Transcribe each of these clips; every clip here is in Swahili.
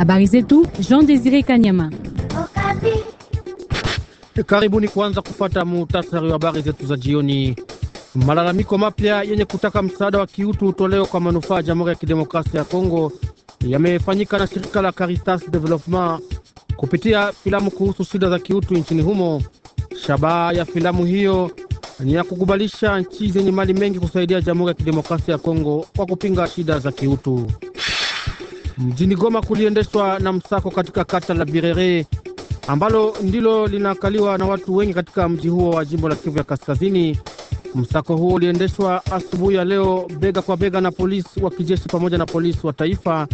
Habari zetu Jean Desire Kanyama. Eh, karibuni kwanza kufata muhtasari wa habari zetu za jioni. Malalamiko mapya yenye kutaka msaada wa kiutu utolewe kwa manufaa ya Jamhuri ya Kidemokrasia ya Kongo yamefanyika na shirika la Caritas Development kupitia filamu kuhusu shida za kiutu nchini humo. Shabaha ya filamu hiyo ni ya kukubalisha nchi zenye mali mengi kusaidia Jamhuri ya Kidemokrasia ya Kongo kwa kupinga shida za kiutu mjini Goma kuliendeshwa na msako katika kata la Birere ambalo ndilo linakaliwa na watu wengi katika mji huo wa jimbo la Kivu ya Kaskazini. Msako huo uliendeshwa asubuhi ya leo bega kwa bega na polisi wa kijeshi pamoja na polisi wa taifa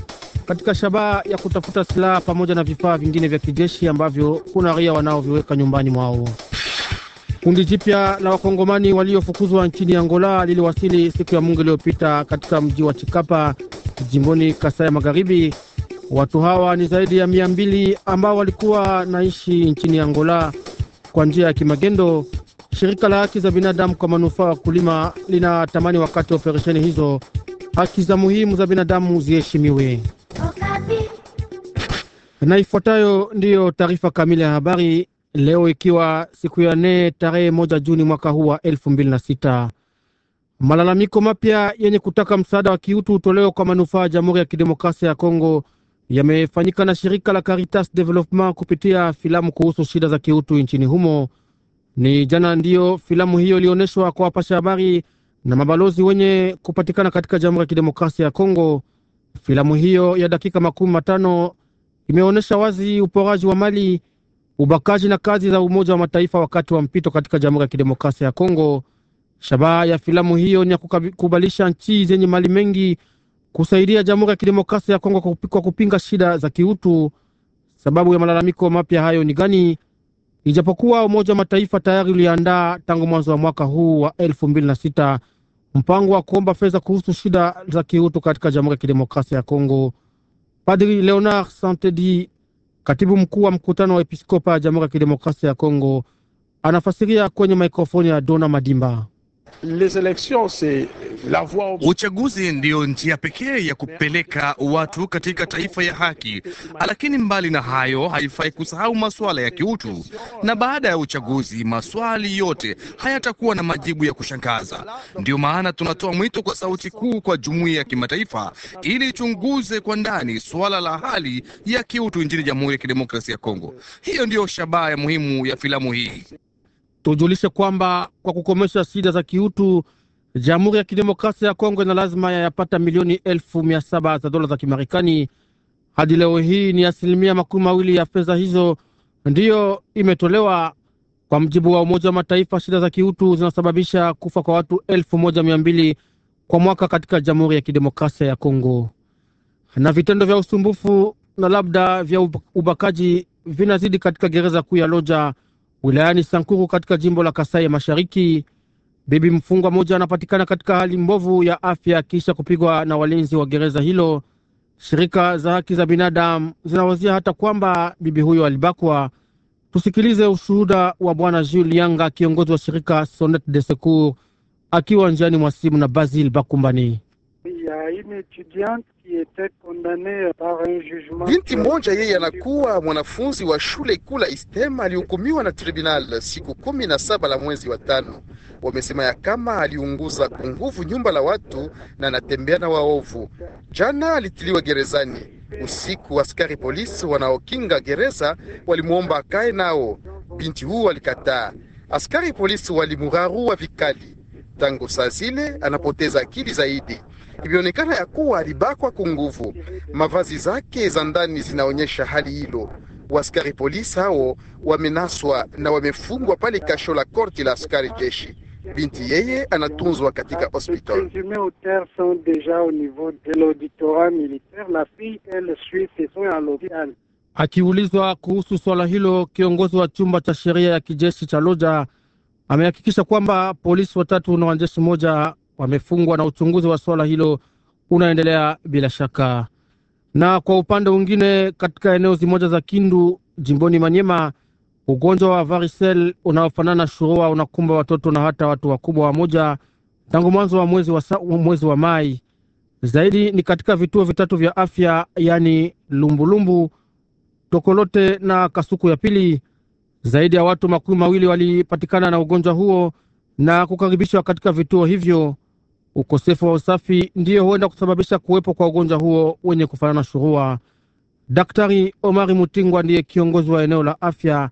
katika shabaha ya kutafuta silaha pamoja na vifaa vingine vya kijeshi ambavyo kuna raia wanaoviweka nyumbani mwao. Kundi jipya la wakongomani waliofukuzwa nchini Angola liliwasili siku ya Mungu iliyopita katika mji wa Chikapa jimboni Kasai ya Magharibi. Watu hawa ni zaidi ya mia mbili ambao walikuwa naishi nchini Angola kwa njia ya kimagendo. Shirika la haki za binadamu kwa manufaa wakulima linatamani wakati wa operesheni hizo haki za muhimu za binadamu ziheshimiwe. Na ifuatayo ndiyo taarifa kamili ya habari leo, ikiwa siku ya nne tarehe moja Juni mwaka huu wa elfu mbili na sita. Malalamiko mapya yenye kutaka msaada wa kiutu utolewe kwa manufaa ya Jamhuri ya Kidemokrasia ya Kongo yamefanyika na shirika la Caritas Development kupitia filamu kuhusu shida za kiutu nchini humo. Ni jana ndiyo filamu hiyo ilionyeshwa kwa wapasha habari na mabalozi wenye kupatikana katika Jamhuri ya Kidemokrasia ya Kongo. Filamu hiyo ya dakika makumi matano imeonyesha wazi uporaji wa mali, ubakaji na kazi za Umoja wa Mataifa wakati wa mpito katika Jamhuri ya Kidemokrasia ya Kongo. Shabaha ya filamu hiyo ni ya kukubalisha nchi zenye mali mengi kusaidia Jamhuri ya Kidemokrasia ya Kongo kwa kupinga shida za kiutu. Sababu ya malalamiko mapya hayo ni gani? Ijapokuwa Umoja wa Mataifa tayari uliandaa tangu mwanzo wa mwaka huu wa elfu mbili na sita mpango wa kuomba fedha kuhusu shida za kiutu katika Jamhuri ya Kidemokrasia ya Kongo. Padri Leonard Santedi, katibu mkuu wa mkutano wa episkopa ya Jamhuri ya Kidemokrasia ya Kongo, anafasiria kwenye mikrofoni ya Dona Madimba. Uchaguzi ndiyo njia pekee ya kupeleka watu katika taifa ya haki, lakini mbali na hayo, haifai kusahau masuala ya kiutu. Na baada ya uchaguzi, maswali yote hayatakuwa na majibu ya kushangaza. Ndiyo maana tunatoa mwito kwa sauti kuu kwa jumuiya ya kimataifa ili ichunguze kwa ndani suala la hali ya kiutu nchini Jamhuri ya Kidemokrasia ya Kongo. Hiyo ndiyo shabaha ya muhimu ya filamu hii. Tujulishe kwamba kwa kukomesha shida za kiutu, Jamhuri ya Kidemokrasia ya Kongo ina lazima yayapata milioni elfu mia saba za dola za Kimarekani. Hadi leo hii ni asilimia makumi mawili ya fedha hizo ndiyo imetolewa. Kwa mjibu wa Umoja wa Mataifa, shida za kiutu zinasababisha kufa kwa watu elfu moja mia mbili kwa mwaka katika Jamhuri ya Kidemokrasia ya Kongo, na vitendo vya usumbufu na labda vya ubakaji vinazidi katika gereza kuu ya Loja wilayani Sankuru katika jimbo la Kasai ya Mashariki. Bibi mfungwa moja anapatikana katika hali mbovu ya afya kisha kupigwa na walinzi wa gereza hilo. Shirika za haki za binadamu zinawazia hata kwamba bibi huyo alibakwa. Tusikilize ushuhuda wa bwana Jules Yanga, kiongozi wa shirika Sonet de Secours, akiwa njiani mwa simu na Basil Bakumbani une étudiante qui était condamnée par un jugement. Binti moja yeye anakuwa mwanafunzi wa shule kuu la Istem alihukumiwa na tribunal siku kumi na saba la mwezi wa tano. Wamesema ya kama aliunguza kwa nguvu nyumba la watu na anatembea na waovu. Jana alitiliwa gerezani. Usiku askari polisi wanaokinga gereza walimwomba akae nao, binti huo alikataa. Askari polisi walimurarua vikali. Tangu saa zile anapoteza akili zaidi ilionekana ya kuwa alibakwa kwa nguvu. Mavazi zake za ndani zinaonyesha hali hilo. Waskari polisi hao wamenaswa na wamefungwa pale kasho la korti la askari jeshi. Binti yeye anatunzwa katika hospitali. Akiulizwa kuhusu swala hilo, kiongozi wa chumba cha sheria ya kijeshi cha Loja amehakikisha kwamba polisi watatu na wanajeshi moja wamefungwa na uchunguzi wa swala hilo unaendelea bila shaka. Na kwa upande mwingine, katika eneo zimoja za Kindu jimboni Manyema, ugonjwa wa varisel unaofanana na shurua unakumba watoto na hata watu wakubwa moja tangu mwanzo wa mwezi wa, mwezi wa Mai. Zaidi ni katika vituo vitatu vya afya yaani Lumbulumbu, Tokolote na Kasuku ya pili. Zaidi ya watu makumi mawili walipatikana na ugonjwa huo na kukaribishwa katika vituo hivyo. Ukosefu wa usafi ndiyo huenda kusababisha kuwepo kwa ugonjwa huo wenye kufanana shurua. Daktari Omari Mutingwa ndiye kiongozi wa eneo la afya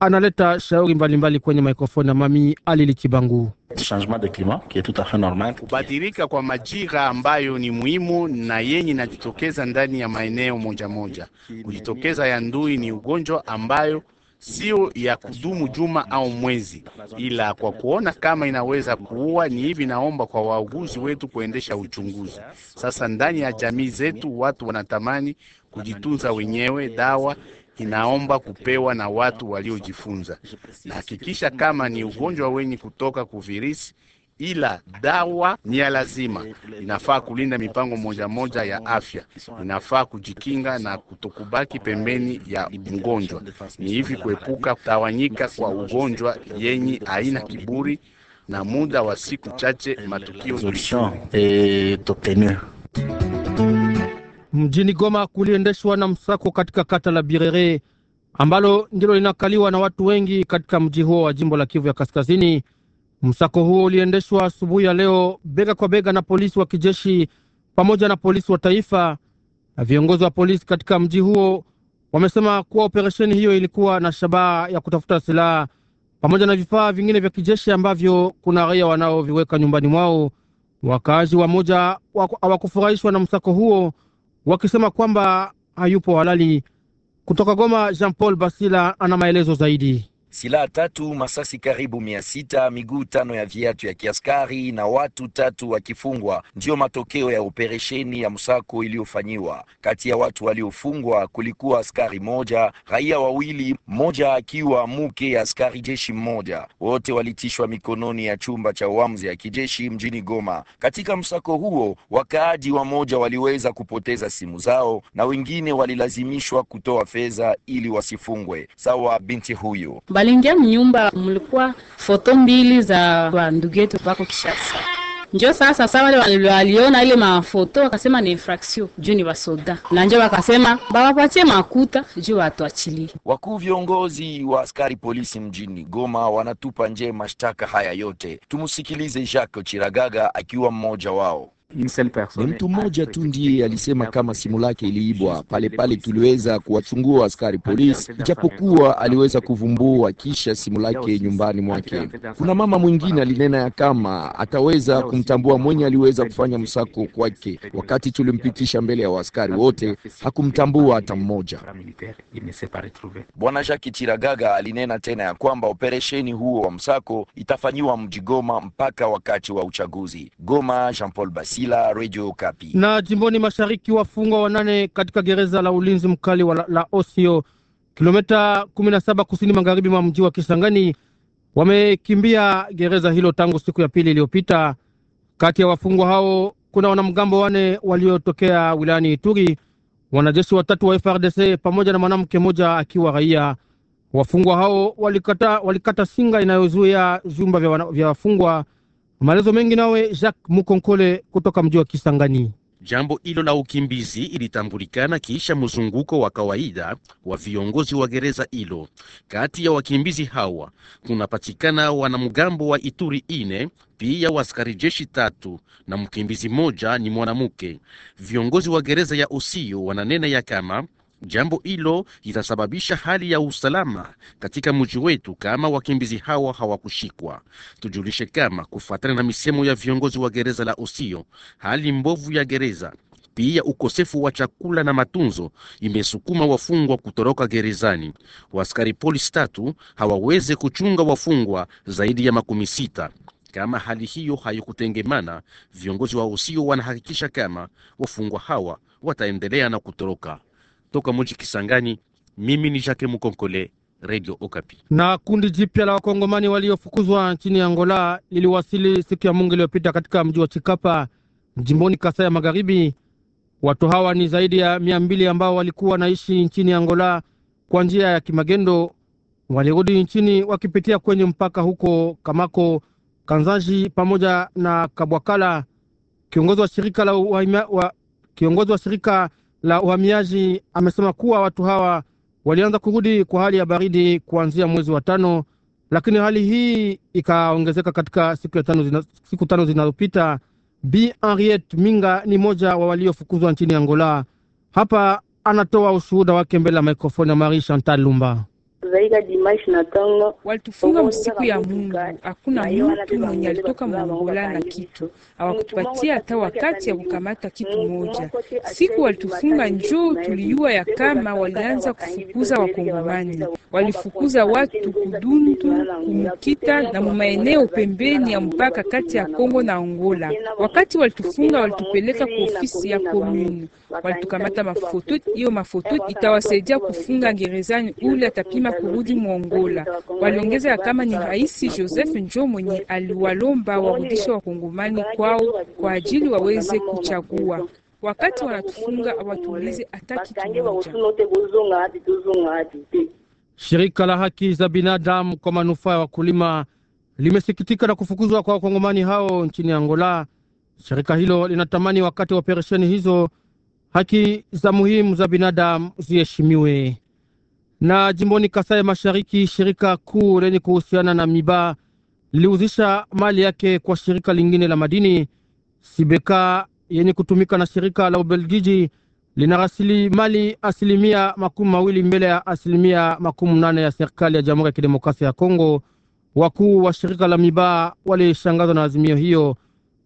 analeta shauri mbalimbali kwenye mikrofoni ya Mami Alili Kibangu. Kubadilika kwa majira ambayo ni muhimu na yenye inajitokeza ndani ya maeneo moja moja. Kujitokeza ya ndui ni ugonjwa ambayo sio ya kudumu juma au mwezi, ila kwa kuona kama inaweza kuua. Ni hivi, naomba kwa wauguzi wetu kuendesha uchunguzi sasa. Ndani ya jamii zetu watu wanatamani kujitunza wenyewe, dawa inaomba kupewa na watu waliojifunza. na hakikisha kama ni ugonjwa wenye kutoka kuvirisi ila dawa ni ya lazima. Inafaa kulinda mipango moja moja ya afya, inafaa kujikinga na kutokubaki pembeni ya mgonjwa, ni hivi kuepuka kutawanyika kwa ugonjwa yenye aina kiburi na muda wa siku chache matukio mjini Goma kuliendeshwa na msako katika kata la Birere ambalo ndilo linakaliwa na watu wengi katika mji huo wa jimbo la Kivu ya Kaskazini. Msako huo uliendeshwa asubuhi ya leo bega kwa bega na polisi wa kijeshi pamoja na polisi wa taifa. Viongozi wa polisi katika mji huo wamesema kuwa operesheni hiyo ilikuwa na shabaha ya kutafuta silaha pamoja na vifaa vingine vya kijeshi ambavyo kuna raia wanaoviweka nyumbani mwao. Wakaazi wa moja hawakufurahishwa na msako huo, wakisema kwamba hayupo halali. Kutoka Goma, Jean Paul Basila ana maelezo zaidi silaha tatu, masasi karibu mia sita, miguu tano ya viatu ya kiaskari na watu tatu wakifungwa. Ndiyo matokeo ya operesheni ya msako iliyofanyiwa. Kati ya watu waliofungwa kulikuwa askari moja, raia wawili, mmoja akiwa mke ya askari jeshi mmoja. Wote walitishwa mikononi ya chumba cha uamuzi ya kijeshi mjini Goma. Katika msako huo, wakaaji wamoja waliweza kupoteza simu zao na wengine walilazimishwa kutoa fedha ili wasifungwe. Sawa binti huyo Bali aliingia mnyumba, mlikuwa foto mbili za wandugu yetu pako Kishasa. Njo sasa sa wale waliona ile mafoto wakasema ni infraction juu ni wasoda, na njo wakasema bawapatie makuta juu watuachilie. Wakuu viongozi wa askari polisi mjini Goma wanatupa nje mashtaka haya yote. Tumsikilize Jacques Chiragaga akiwa mmoja wao. Ni mtu ah, mmoja tu ndiye alisema kama simu lake iliibwa. Pale pale tuliweza kuwachungua askari ah, polisi, ijapokuwa aliweza ah, kuvumbua kisha simu lake nyumbani mwake. Kuna mama mwingine alinena ya kama ataweza kumtambua mwenye aliweza kufanya msako kwake. Wakati tulimpitisha mbele ya waaskari wote, hakumtambua hata mmoja. Bwana Jacques Chiragaga alinena tena ya kwamba operesheni huo wa msako itafanyiwa mji Goma mpaka wakati wa uchaguzi. Goma, Jean Paul Basi Sila, Radio Kapi. Na jimboni mashariki, wafungwa wanane katika gereza la ulinzi mkali wa la, la Osio, kilomita 17 kusini magharibi mwa mji wa Kisangani wamekimbia gereza hilo tangu siku ya pili iliyopita. Kati ya wafungwa hao kuna wanamgambo wane waliotokea wilayani Ituri, wanajeshi watatu wa FRDC pamoja na mwanamke mmoja akiwa raia. Wafungwa hao walikata, walikata singa inayozuia vyumba vya wafungwa Maelezo mengi nawe Jacques Mukonkole kutoka mji wa Kisangani. Jambo hilo la ukimbizi ilitambulikana kisha mzunguko wa kawaida wa viongozi wa gereza hilo. Kati ya wakimbizi hawa kunapatikana wanamgambo wa Ituri ine pia waskari jeshi tatu na mkimbizi moja ni mwanamke. Viongozi wa gereza ya Usio wananena ya kama Jambo hilo litasababisha hali ya usalama katika mji wetu kama wakimbizi hawa hawakushikwa. Tujulishe kama kufuatana na misemo ya viongozi wa gereza la Usio, hali mbovu ya gereza pia ukosefu wa chakula na matunzo imesukuma wafungwa kutoroka gerezani. Waskari polisi tatu hawaweze kuchunga wafungwa zaidi ya makumi sita. Kama hali hiyo haikutengemana, viongozi wa Usio wanahakikisha kama wafungwa hawa wataendelea na kutoroka toka mji Kisangani. Mimi ni Jacques Mukonkole, Radio Okapi. Na kundi jipya la wakongomani waliofukuzwa nchini Angola liliwasili siku ya Mungu iliyopita katika mji wa Chikapa jimboni Kasai ya Magharibi. Watu hawa ni zaidi ya mia mbili ambao walikuwa wanaishi nchini Angola kwa njia ya kimagendo. Walirudi nchini wakipitia kwenye mpaka huko Kamako, Kanzaji pamoja na Kabwakala. Kiongozi wa shirika la wa, wa, kiongozi wa shirika la uhamiaji amesema kuwa watu hawa walianza kurudi kwa hali ya baridi kuanzia mwezi wa tano, lakini hali hii ikaongezeka katika siku, ya tano zina, siku tano zinazopita. Bi Henriette Minga ni mmoja wa waliofukuzwa nchini Angola. Hapa anatoa ushuhuda wake mbele ya mikrofoni ya Marie Chantal Lumba. Walitufunga msiku ya Mungu. Hakuna mtu mwenye alitoka Mongola na kitu, hawakupatia hata wakati ya kukamata kitu moja. Siku walitufunga njoo tuliua ya kama walianza kufukuza Wakongomani, walifukuza watu kudundu kumukita na mumaeneo pembeni ya mpaka kati ya Kongo na Angola. Wakati walitufunga, walitupeleka kwa ofisi ya komuni walitukamata mafoto. Hiyo mafoto eh, itawasaidia kufunga gerezani ule atapima kurudi Mwongola. Waliongeza kama ni Rais Joseph Njo mwenye aliwalomba warudishe wakongomani kwao kwa ajili waweze kuchagua wakati wanatufunga hawatuulize hata kitu moja. Shirika la haki za binadamu kwa manufaa ya wakulima limesikitika na kufukuzwa kwa wakongomani hao nchini Angola. Shirika hilo linatamani wakati wa operesheni hizo haki za muhimu za binadamu ziheshimiwe. Na jimboni Kasai Mashariki, shirika kuu lenye kuhusiana na miba liliuzisha mali yake kwa shirika lingine la madini Sibeka yenye kutumika na shirika la Ubelgiji lina rasilimali asilimia makumi mawili mbele ya asilimia makumi nane ya serikali ya Jamhuri ya Kidemokrasia ya Kongo. Wakuu wa shirika la Mibaa walishangazwa na azimio hiyo.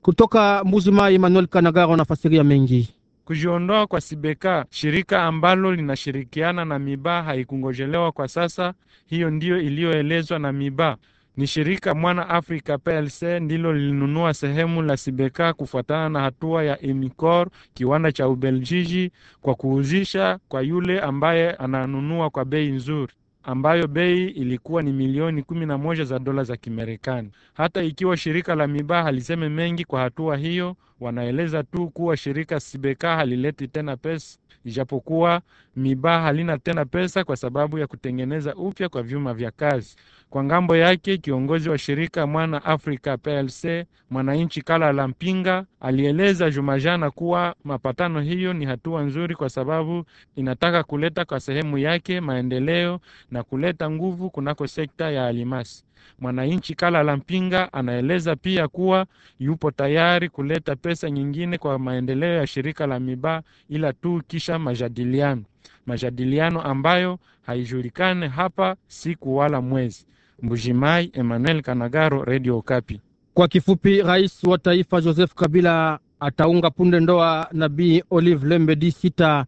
Kutoka Mbuji Mai, Emmanuel Kanagaro na fasiria mengi Kujiondoa kwa Sibeka, shirika ambalo linashirikiana na Mibaa, haikungojelewa kwa sasa. Hiyo ndiyo iliyoelezwa na Mibaa. Ni shirika Mwana Afrika PLC ndilo lilinunua sehemu la Sibeka kufuatana na hatua ya Emicor, kiwanda cha Ubeljiji, kwa kuuzisha kwa yule ambaye ananunua kwa bei nzuri ambayo bei ilikuwa ni milioni kumi na moja za dola za Kimarekani. Hata ikiwa shirika la Mibaa haliseme mengi kwa hatua hiyo, wanaeleza tu kuwa shirika Sibeka halileti tena pesa, ijapokuwa Mibaa halina tena pesa kwa sababu ya kutengeneza upya kwa vyuma vya kazi. Kwa ngambo yake, kiongozi wa shirika Mwana Afrika PLC mwananchi Kala Mpinga alieleza Jumajana kuwa mapatano hiyo ni hatua nzuri kwa sababu inataka kuleta kwa sehemu yake maendeleo na kuleta nguvu kunako sekta ya alimasi. Mwananchi Kala Mpinga anaeleza pia kuwa yupo tayari kuleta pesa nyingine kwa maendeleo ya shirika la Mibaa ila tu kisha majadiliano majadiliano ambayo haijulikane hapa siku wala mwezi. Mbujimai, Emmanuel Kanagaro, Radio Okapi. Kwa kifupi, rais wa taifa Joseph Kabila ataunga punde ndoa na Bi Olive Lembe di Sita.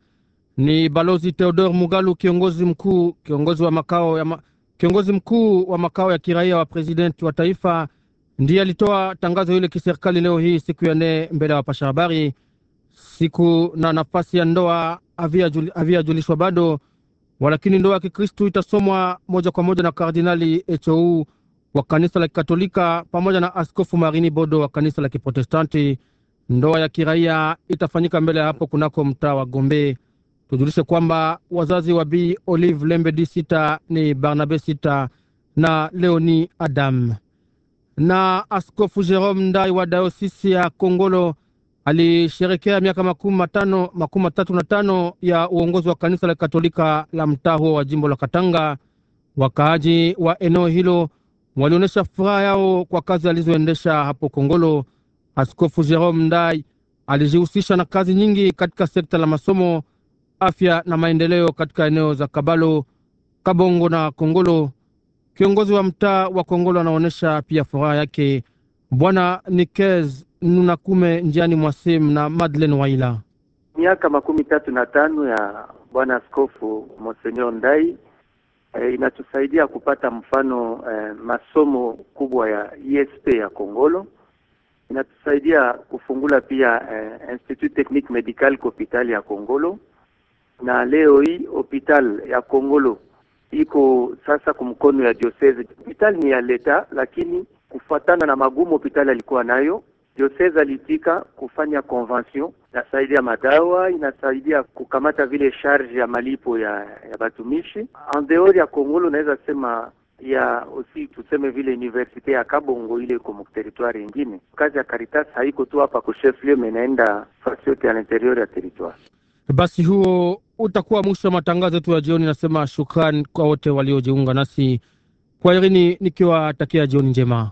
Ni balozi Theodore Mugalu, kiongozi mkuu kiongozi wa makao ya ma, kiongozi mkuu wa makao ya kiraia wa presidenti wa taifa ndiye alitoa tangazo hili kiserikali leo hii siku ya nne mbele ya wapasha habari. Siku na nafasi ya ndoa haviyajulishwa bado, walakini ndoa ya Kikristu itasomwa moja kwa moja na Kardinali Echou wa kanisa la Kikatolika pamoja na Askofu Marini Bodo wa kanisa la Kiprotestanti. Ndoa ya kiraia itafanyika mbele ya hapo kunako mtaa wa Gombe. Tujulishe kwamba wazazi wa Bi Olive Lembe di Sita ni Barnabe Sita na Leoni Adam na Askofu Jerome Ndai wa dayosisi ya Kongolo alisherekea miaka makumi matano makumi matatu na tano ya uongozi wa kanisa la Katolika la mtaa huo wa jimbo la Katanga. Wakaaji wa eneo hilo walionyesha furaha yao kwa kazi alizoendesha hapo Kongolo. Askofu Jerome Ndai alijihusisha na kazi nyingi katika sekta la masomo, afya na maendeleo katika eneo za Kabalo, Kabongo na Kongolo. Kiongozi wa mtaa wa Kongolo anaonyesha pia furaha yake. Bwana Nikez Nuna Kume njiani mwa simu na Madeleine Waila. Miaka makumi tatu na tano ya bwana askofu Monsenor Ndai e, inatusaidia kupata mfano e, masomo kubwa ya ISP ya Kongolo inatusaidia kufungula pia e, Institut Technique Medical Kopitali ya Kongolo, na leo hii hopital ya Kongolo iko sasa kumkono ya diocese. Hopital ni ya leta, lakini kufuatana na magumu hopital alikuwa nayo Diocese alitika kufanya convention, inasaidia madawa, inasaidia kukamata vile sharge ya malipo ya, ya batumishi andeori ya Kongolo, unaweza sema ya osi tuseme vile universite ya Kabongo ile iko mteritwari ingine. Kazi ya Caritas haiko tu hapa kusheflio, menaenda fasi yote ya interior ya teritwari. Basi huo utakuwa mwisho wa matangazo yetu ya jioni. Nasema shukrani kwa wote waliojiunga nasi, kwaherini nikiwatakia jioni njema.